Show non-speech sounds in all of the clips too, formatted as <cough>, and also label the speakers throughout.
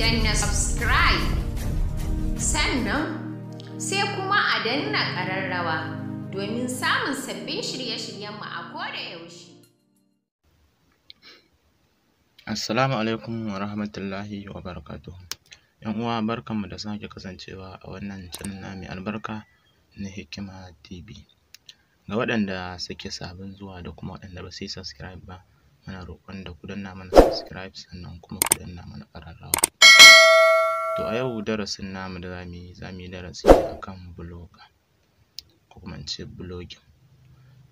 Speaker 1: danna subscribe sannan sai kuma a danna ƙararrawa domin samun sabbin shirye-shiryenmu a koda yaushe. Assalamu alaikum wa rahmatullahi wa barakatuh. ‘Yan uwa barkanmu da sake kasancewa a wannan channel na mai albarka na Hikima TV. Ga waɗanda suke sabon zuwa da kuma waɗanda ba su yi subscribe ba, muna roƙon da ku danna mana subscribe sannan kuma ku danna mana ƙararrawa. To a yau darasin namu da za mu yi, za mu yi darasi ne a kan blogger ko kuma in ce blogging.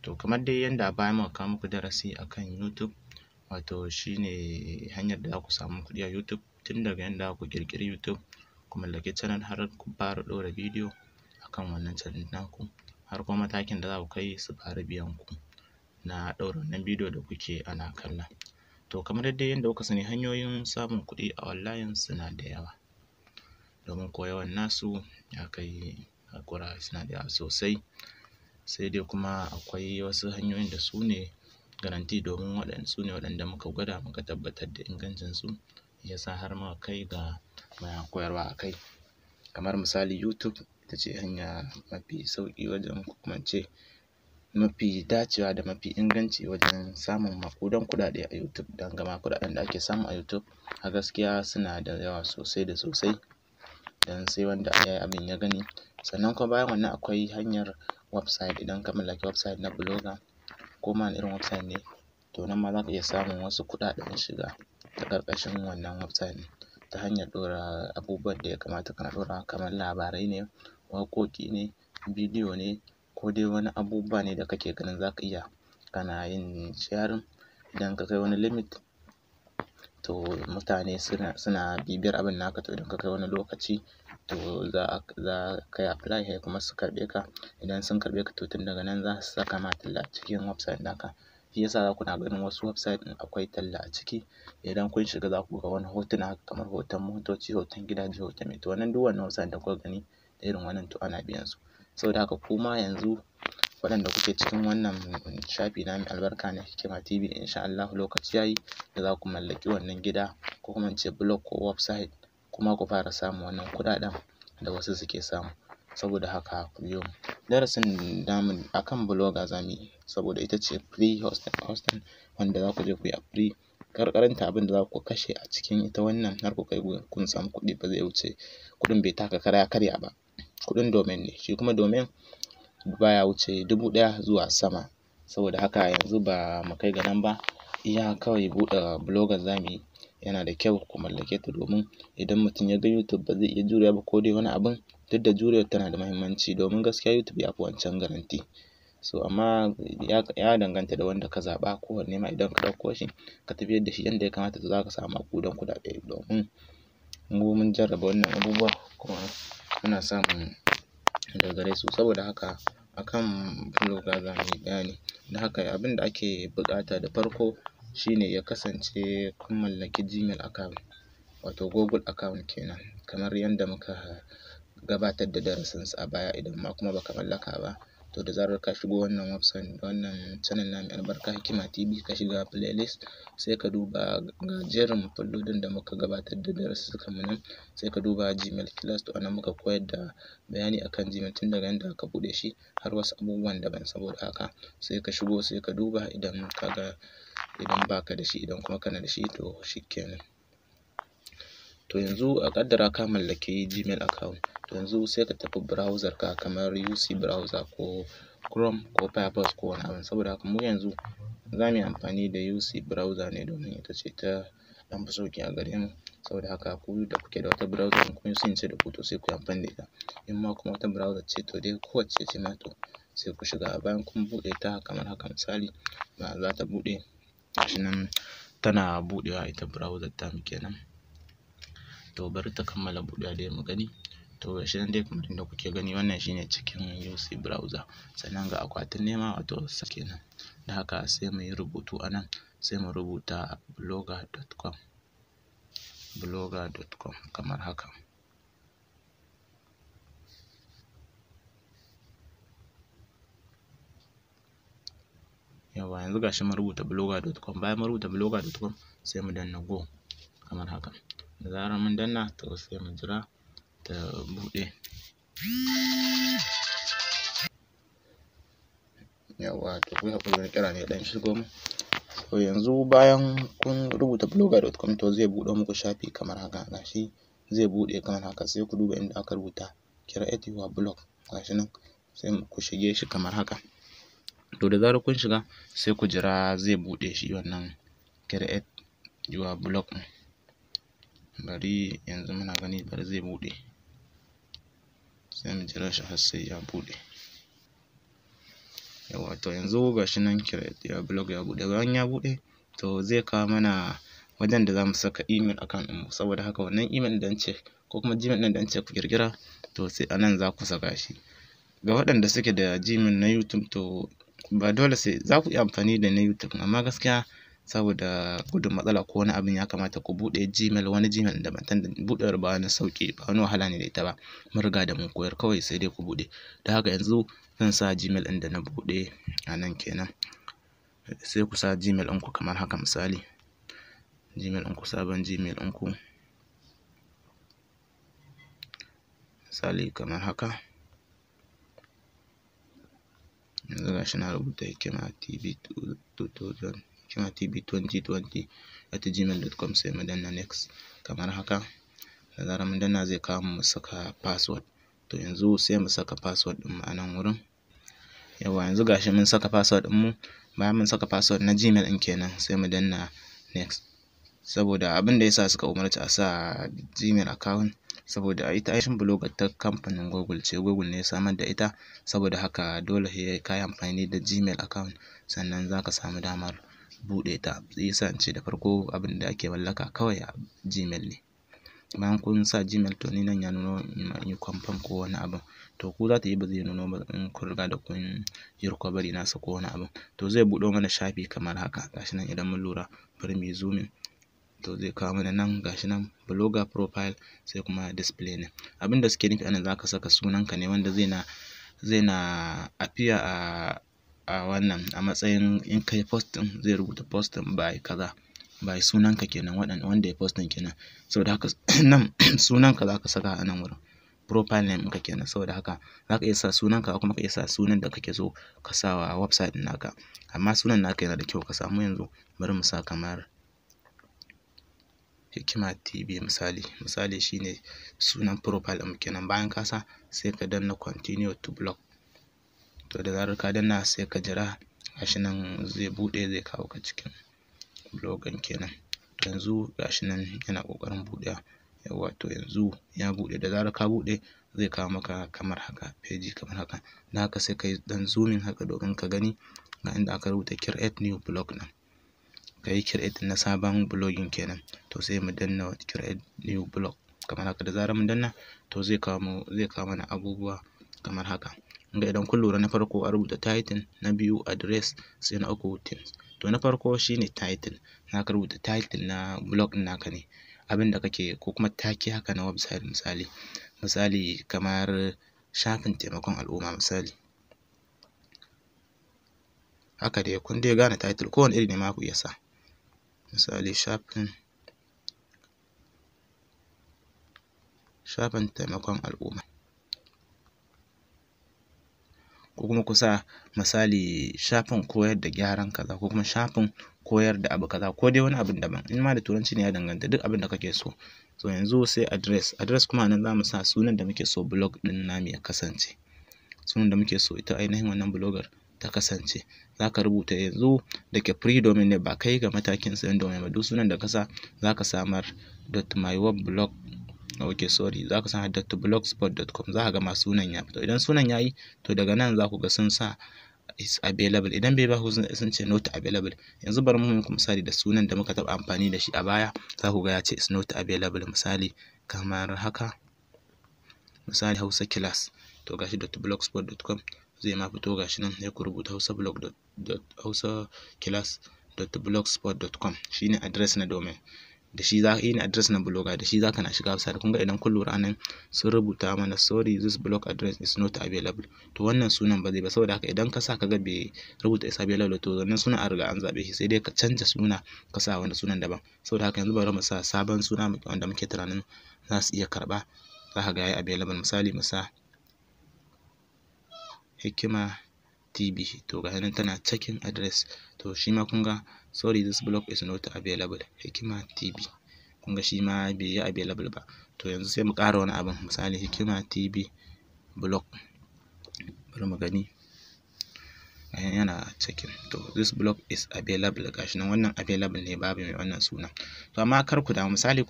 Speaker 1: To kamar dai yadda a baya muka kawo muku darasi akan kan YouTube, wato shi ne hanyar da za ku samu kuɗi a YouTube, tun daga yanda za ku ƙirƙiri YouTube, ku mallaki channel har ku fara ɗora bidiyo a kan wannan channel naku, har kuma matakin da za ku kai su fara biyan ku na ɗora wannan bidiyo da kuke ana kalla. To kamar dai yadda kuka sani hanyoyin samun kuɗi a online suna da yawa. domin ko yawan nasu ya kai haƙura suna da sosai sai dai kuma akwai wasu hanyoyin da su ne garanti domin waɗanda su ne waɗanda muka gwada muka tabbatar da ingancinsu ya sa har muka kai ga muna koyarwa a kai kamar misali youtube ita ce hanya mafi sauƙi wajen kuma ce mafi dacewa da mafi inganci wajen samun maƙudan kuɗaɗe a YouTube don gama kuɗaɗen da ake samu a YouTube a gaskiya suna da yawa sosai da sosai kenan sai wanda ya abin ya gani sannan kuma bayan wannan akwai hanyar website idan ka mallaki website na blogger ko ma irin website ne to nan ma za ka iya samun wasu kuɗaɗen shiga ta ƙarƙashin wannan website ta hanyar ɗora abubuwan da ya kamata kana ɗora kamar labarai ne waƙoƙi ne bidiyo ne ko dai wani abubuwa ne da kake ganin za ka iya kana yin sharing idan ka kai wani limit to mutane suna, bibiyar abin naka to idan ka kai wani lokaci to za, za ka apply sai kuma su karɓe ka idan sun karɓe ka to tun daga nan za su saka ma talla a cikin website naka shi yasa za na ganin wasu website ɗin akwai talla a ciki idan kun shiga za ku ga wani hotuna kamar hoton motoci hoton gidaje hoton mai to wannan duk wannan website da kuka gani da irin wannan to ana biyan su saboda haka kuma yanzu waɗanda kuke cikin wannan shafi na mai albarka na Hikima TV in sha Allah lokaci yayi da za ku mallaki wannan gida ko kuma ce blog ko website kuma ku fara samun wannan kuɗaɗen da wasu suke samu saboda haka ku biyo darasin namu akan blogger zamu yi saboda ita ce free hosting hosting wanda za ku je ku yi a free karkaranta abin da za ku kashe a cikin ita wannan har ku kai kun samu kuɗi ba zai wuce kuɗin bai taka kara ya karya ba kuɗin domin ne shi kuma domin. baya wuce dubu ɗaya zuwa sama saboda haka yanzu ba mu kai ga nan ba iya kawai buɗe blogger za mu yi yana da kyau ku mallake ta domin idan mutum ya ga youtube ba zai iya jurewa ba ko dai wani abin duk da jurewa tana da mahimmanci domin gaskiya youtube ya fi wancan garanti so amma ya danganta da wanda ka zaɓa kowanne ma idan ka ɗauko shi ka tafiyar da shi yadda ya kamata to za ka samu kudan kuɗaɗe domin mu mun jarraba wannan abubuwa kuma muna samun daga su saboda haka akan program yi bayani don haka abinda ake buƙata da farko shine ya kasance kun mallaki Gmail account wato Google account kenan kamar yadda muka gabatar da darasinsa a baya idan ma kuma baka mallaka ba to da zarar ka shigo wannan website wannan channel na albarka Hikima TV ka shiga playlist sai ka duba ga jerin fallodin da muka gabatar da darussukan mu nan sai ka duba Gmail class to anan muka koyar da bayani akan Gmail tun daga yanda ka bude shi har wasu abubuwan daban saboda haka sai ka shigo sai ka duba idan ka ga idan baka da shi idan kuma kana da shi to shikenan. to yanzu a ƙaddara ka mallaki gmail account to yanzu sai ka tafi browser ka kamar uc browser ko chrome ko firefox ko wani abin saboda haka mu yanzu za mu yi amfani da uc browser ne domin ita ce ta ɗan fi sauƙi a gare mu saboda haka ku da kuke da wata browser in kun sun da ku to sai ku amfani da ita in ma kuma wata browser ce to dai kowacce ce ma to sai ku shiga bayan kun buɗe ta kamar haka misali ba za ta buɗe shi nan tana buɗewa ita browser ta kenan to bari ta kammala buɗewa da mu gani to gashi nan dai kamar yadda kuke gani wannan shine cikin UC browser sannan ga akwatin nema wato kenan da haka sai mu yi rubutu a nan sai mu rubuta blogger.com blogger.com kamar haka yawa yanzu gashi mun rubuta blogger.com bayan mun rubuta blogger.com sai mu danna go kamar haka da zarar mun danna to sai mu jira ta buɗe yawa to kun haƙuri wani kira ne dan shigo mu to yanzu bayan kun rubuta blogger.com to zai buɗe muku shafi kamar haka gashi zai buɗe kamar haka sai ku duba inda aka rubuta create your blog gashi nan sai ku shige shi kamar haka to da zarar kun shiga sai ku jira zai buɗe shi wannan create your blog ɗin bari yanzu muna gani bari zai buɗe sai mu jira shi har sai ya buɗe yawa to yanzu ga shi nan create ya blog ya buɗe bayan ya buɗe to zai kawo mana wajen da za mu saka email akan mu saboda haka wannan email da ce ko kuma gmail ɗin da ce ku girgira? to sai anan za ku saka shi ga waɗanda suke da gmail na youtube to ba dole sai za ku yi amfani da na youtube amma gaskiya saboda gudun matsala ko wani abin ya kamata ku buɗe gmail wani gmail da ban buɗewar ba wani sauƙi ba wani wahala ne da ita ba mun riga da mun koyar kawai sai dai ku buɗe da haka yanzu zan sa gmail ɗin da na buɗe a nan kenan sai ku sa gmail ɗinku kamar haka misali gmail ɗinku sabon gmail ɗinku misali kamar haka yanzu ga shi na rubuta hikima tv 2000 QRTB2020 at gmail.com sai mu danna next kamar haka da zarar mun danna zai kawo mu saka password to yanzu sai mu saka password ɗin mu a nan wurin yawa yanzu gashi mun saka password ɗin mu bayan mun saka password na gmail in kenan sai mu danna next saboda abin da yasa suka umarci a sa gmail account saboda a ita aishin blogger ta kamfanin google ce google ne samar da ita saboda haka dole sai ka yi amfani da gmail account sannan za ka samu damar buɗe ta shi sa in ce da farko abin da ake mallaka kawai a Gmail ne bayan kun sa Gmail to ni nan ya nuno in yi confirm ko wani abin to ku za ta yi ba zai nuno ba in kun riga da kun yi recovery nasa ko wani abin to zai buɗo mana shafi kamar haka gashi nan idan mun lura bari mu yi to zai kawo mana nan gashi nan blogger profile sai kuma display ne abin da suke nufi za ka saka sunanka ne wanda zai na zai na appear a a wannan a matsayin in kai post ɗin zai rubuta post ɗin by kaza by sunanka kenan waɗanda wanda ya post ɗin kenan saboda haka <clears throat> nan <clears throat> sunanka za ka saka a nan wurin profile name ka kenan saboda haka za iya sa sunanka kuma ka iya sa sunan da kake so ka sa wa website ɗin naka amma sunan naka yana da kyau ka samu yanzu bari mu sa kamar hikima tv misali misali shine sunan profile ɗin kenan bayan ka sa sai ka danna continue to block to da zarar ka danna sai ka jira gashi nan zai buɗe zai kawo ka cikin blogan kenan yanzu gashi nan yana kokarin budewa yawa to yanzu ya buɗe da zarar ka buɗe zai kawo maka kamar haka feji kamar haka da haka sai ka yi ɗan zooming haka domin ka gani ga inda aka rubuta create new blog nan ka yi create na sabon blogging kenan to sai mu danna create new blog kamar haka da zarar mun danna to zai kawo mana abubuwa kamar haka ga idan kun lura na farko a rubuta title na biyu address sai na uku themes to na farko shine title ka rubuta title na blog din naka ne abin da kake ko kuma take haka na website misali misali kamar shafin taimakon al'umma misali haka dai kun dai gane title kowane iri ne ma ku iya sa misali shafin shafin taimakon al'umma ko kuma kusa misali shafin koyar da gyaran kaza ko kuma shafin koyar da abu kaza ko dai wani abin daban in ma da turanci ne ya danganta duk abin da kake so so yanzu sai address address kuma nan za mu sa sunan da muke so blog din namu ya kasance sunan da muke so ita ainihin wannan blogger ta kasance za ka rubuta yanzu da ke domin ne ba kai ga matakin sayan domain ba duk sunan da kasa za ka samar dot my blog ok sorry za ka sa blogspot.com za ka gama sunan ya fito idan sunan ya yi to daga nan za ku ga sun sa is available idan bai ba ku sun ce not available yanzu bari mu muku misali da sunan da muka taɓa amfani da shi a baya za ku ga ya ce is not available misali kamar haka misali hausa class to gashi dot blogspot.com zai ma fito gashi nan sai ku rubuta hausa blog dot hausa class blogspot.com shine address na domain da shi za yi ne address na blogger da shi za ka na shiga sa kun ga idan kun lura nan sun rubuta mana sorry this blog address is not available to wannan sunan ba zai ba saboda haka idan ka sa kaga bai rubuta is available to wannan sunan an riga an zabe shi sai dai ka canza suna ka sa wani sunan daban saboda haka yanzu bari mu sa sabon suna wanda muke tunanin za su iya karba za ka ga yayi available misali mu sa hikima tb to ga nan tana checking address to shi ma kun ga sorry this block is not available hikima tb kun ga shi ma bai yi available ba to yanzu sai mu ƙara wani abin misali hikima tb block bari mu gani Eh, yana cikin to this block is available gashi nan wannan available ne babu mai wannan sunan to amma kar ku damu misali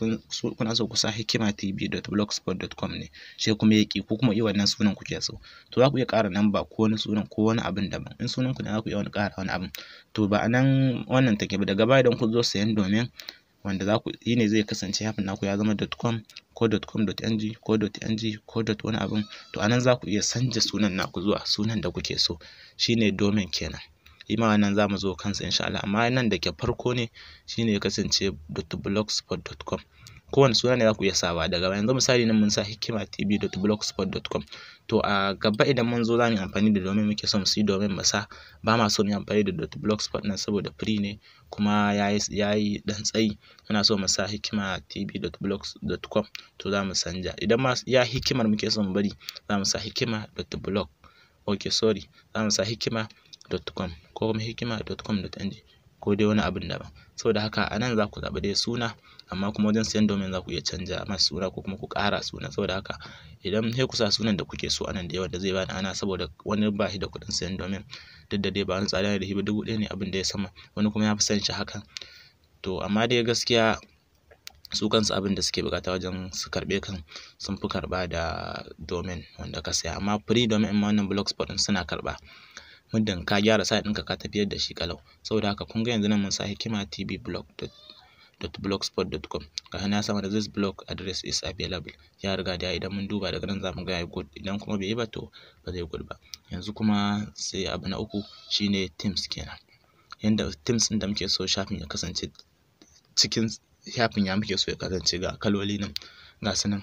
Speaker 1: kuna so ku sa hikima tv.blogspot.com ne sai kuma ya ki ko kuma yi wannan sunan kuke so to za ku iya ƙara namba ko wani sunan ko wani abin daban in sunan ku ne za ku iya wani ƙara wani abin to ba anan wannan take ba daga baya idan ku zo sayan domin wanda za ku yi ne zai kasance hafin naku ya zama dot .com ko ng ko .ng ko .wani abin to anan za ku iya sanja sunan naku zuwa sunan da kuke so shine domin kenan ima nan za mu zo kansa insha Allah amma nan da ke farko ne shine ya kasance dot .blogspot.com kowane suna ne za ku iya sawa daga yanzu misali nan mun sa hikima com. to a gaba idan mun zo za mu amfani da domin muke son su yi domin mu sa ba ma so mu amfani da .blogspot nan saboda firi ne kuma ya yi dan tsayi muna so mu sa hikima com, to za mu sanja idan ma ya hikimar muke son mu bari za mu sa hikima.blog okay sorry za mu sa hikima.com ko kuma hikima.com.ng ko dai wani abin daban saboda haka a nan za ku zaɓi dai suna amma kuma wajen siyan domain za ku iya canja mai suna ko kuma ku ƙara suna saboda haka idan sai ku sa sunan da kuke so a nan da yawa da zai bani ana saboda wani ba shi da kuɗin siyan domain duk da dai ba wani tsada da hiba dubu ɗaya ne abin da ya sama wani kuma ya fi son shi hakan to amma dai gaskiya su kansu abin da suke bukata wajen su karbe kan sun fi karba da domain wanda ka saya amma free domain ma wannan blogspot din suna karba muddin ka gyara site ɗinka ka tafiyar da shi kalau saboda haka kun ga yanzu nan mun sa hikima tv blog www.blogspot.com ga hana sama da this blog address is available ya riga da idan mun duba daga nan zamu ga ya good idan kuma bai yi ba to ba zai good ba yanzu kuma sai abu na uku shine teams kenan yanda teams din da muke so shafin ya kasance cikin shafin ya muke so ya kasance ga kaloli nan ga su nan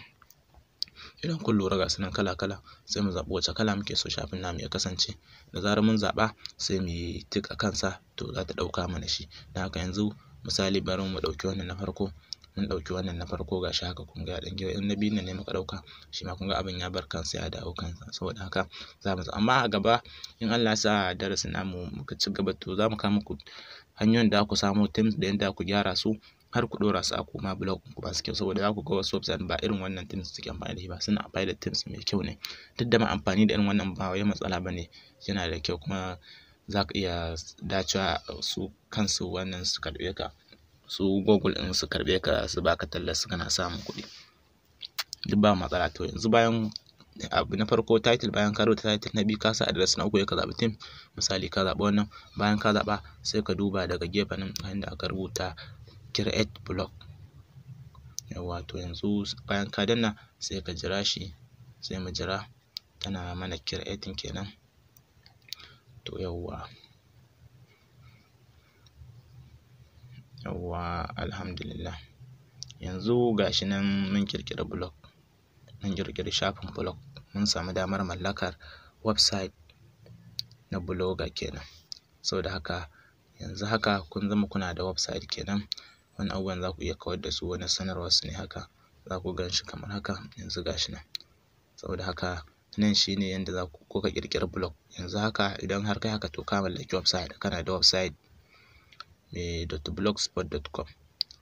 Speaker 1: idan kun lura ga sunan kala-kala sai mu zaɓi wace kala muke so shafin namu ya kasance da zarar mun zaɓa sai mu yi tik a kansa to za ta ɗauka mana shi da haka yanzu misali bari mu ɗauki wannan na farko mun ɗauki wannan na farko shi haka kun ga ya ɗan in na biyun ne muka ɗauka shi ma kun ga abin ya bar kansa ya dawo kansa saboda haka za mu amma a gaba in Allah ya sa darasin namu muka ci gaba to za mu kawo muku hanyoyin da ku samo tims da yadda ku gyara su har ku ɗora su a kuma blog ku ba su kyau saboda za ku ga wasu website ba irin wannan tims suke amfani da shi ba suna amfani da tims mai kyau ne duk da ma amfani da irin wannan ba wai matsala ba ne yana da kyau kuma za ka iya dacewa su kansu wannan su karɓe ka su google ɗin su karɓe ka su baka su kana samun kuɗi duk ba matsala to yanzu bayan abu na farko title bayan ka rubuta title na biyu ka sa address na uku ka zaɓi team misali ka zaɓi wannan bayan ka zaɓa sai ka duba daga gefen nan da aka rubuta create block yawa to yanzu bayan ka danna sai ka jira shi sai mu jira tana mana creating kenan to yawwa yawwa alhamdulillah yanzu shi nan mun ƙirƙiri blog mun ƙirƙiri shafin blog mun samu damar mallakar website na blogger kenan saboda haka yanzu haka kun zama kuna da website kenan wani abubuwan za ku iya kawar da su wani sanarwar su ne haka za ku gan shi kamar haka yanzu shi nan saboda haka nan shine yadda za ku kuka ƙirƙiri blog yanzu haka idan har kai haka to ka mallaki website kana da website .blogspot.com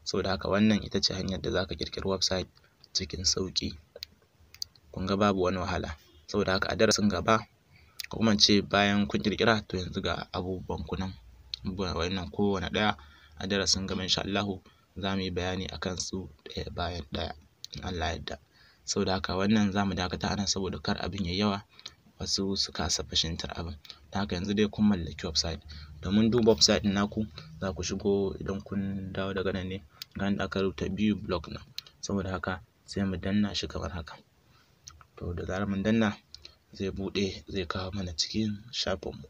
Speaker 1: saboda haka wannan ita ce hanyar da za ka ƙirƙiri website cikin sauƙi kun ga babu wani wahala saboda haka a darasin gaba ko kuma ce bayan kun ƙirƙira to yanzu ga abubuwan ku nan wannan kowane ɗaya a darasin gaba insha Allah za mu yi bayani akan su ɗaya bayan ɗaya in Allah ya yarda Saboda haka wannan za mu dakata anan saboda kar abin yayi yawa wasu su kasa fahimtar abin. Don haka yanzu dai kun mallaki website. Domin duba website ɗin naku za ku shigo idan kun dawo daga nan ne ga da aka rubuta biyu blog nan. Saboda haka sai mu danna shi kamar haka. To da zarar mun danna zai buɗe zai kawo mana cikin shafin mu.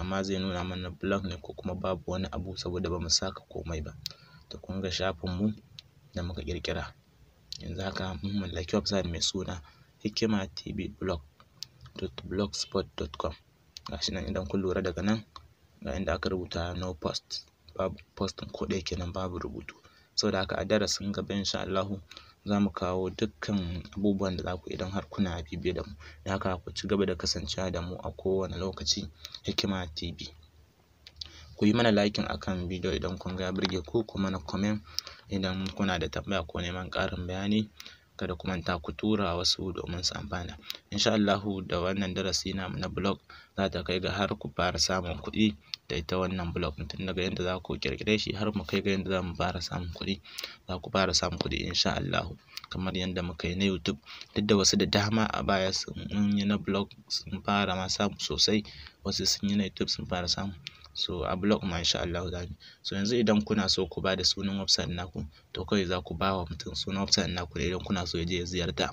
Speaker 1: Amma zai nuna mana blog ne ko kuma babu wani abu saboda ba mu saka komai ba. To kun ga shafin mu da muka ƙirƙira. yanzu haka mun mallaki website mai suna hikima tv blog blogspot.com gashi nan idan kun lura daga nan ga inda aka rubuta no post babu postin ko ɗaya kenan babu rubutu Sau da haka a darasin gaba insha Allahu za mu kawo dukkan abubuwan da za ku idan har kuna bibiya da mu da haka ku ci gaba da kasancewa da mu a kowane lokaci hikima tv ku yi mana a akan bidiyo idan kun ga ya burge ku ku mana comment Idan kuna da tambaya ko neman ƙarin bayani kada ku manta ku tura wasu domin su amfana. Insha Allahu da wannan darasi namu na blog za ta kai ga har ku fara samun kuɗi da ita wannan blog tun daga yadda za ku ƙirƙire shi har mu kai ga yadda za mu fara samun kuɗi za ku fara samun kuɗi insha Allahu kamar yadda muka yi na YouTube duk da wasu da dama a baya sun yi na blog sun fara ma samu sosai wasu sun yi na YouTube sun fara samu. So a blog ma insha Allah za So yanzu idan kuna so ku ba da sunan website naku to kawai za ku ba wa mutum sunan website naku idan kuna so ya je ya ziyarta.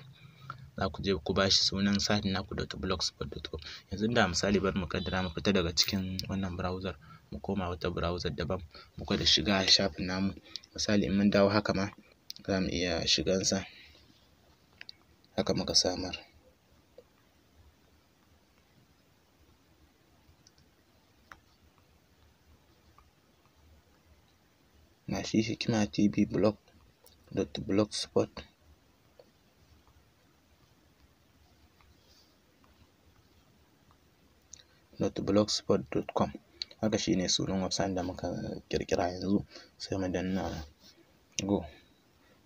Speaker 1: Za ku je ku ba shi sunan site naku .blogspot.com. Yanzu da misali bari mu kaddara mu fita daga cikin wannan browser mu koma wata browser daban mu gwada shiga shafin namu. Misali in mun dawo haka ma za mu iya shigansa haka muka samar. na shi Hikima TV blog dot blogspot dot blogspot dot com haka shi ne sunan wasan da muka ƙirƙira yanzu sai mu danna go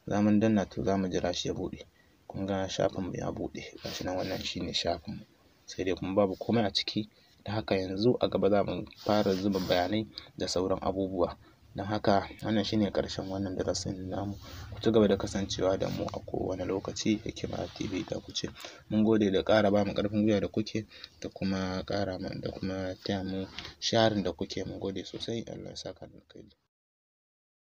Speaker 1: za mu danna to za mu jira shi ya buɗe kun ga shafinmu ya buɗe ga shi nan wannan shi ne shafinmu sai dai kuma babu komai a ciki da haka yanzu a gaba za mu fara zuba bayanai da sauran abubuwa don haka wannan shine ƙarshen wannan darasin namu ku ci gaba da kasancewa da mu a kowane lokaci hikima tv ta kuce mun gode da ƙara ba mu ƙarfin gwiwa da kuke da kuma ƙara da kuma taya mu sharin da kuke mun gode sosai allah ya saka da kai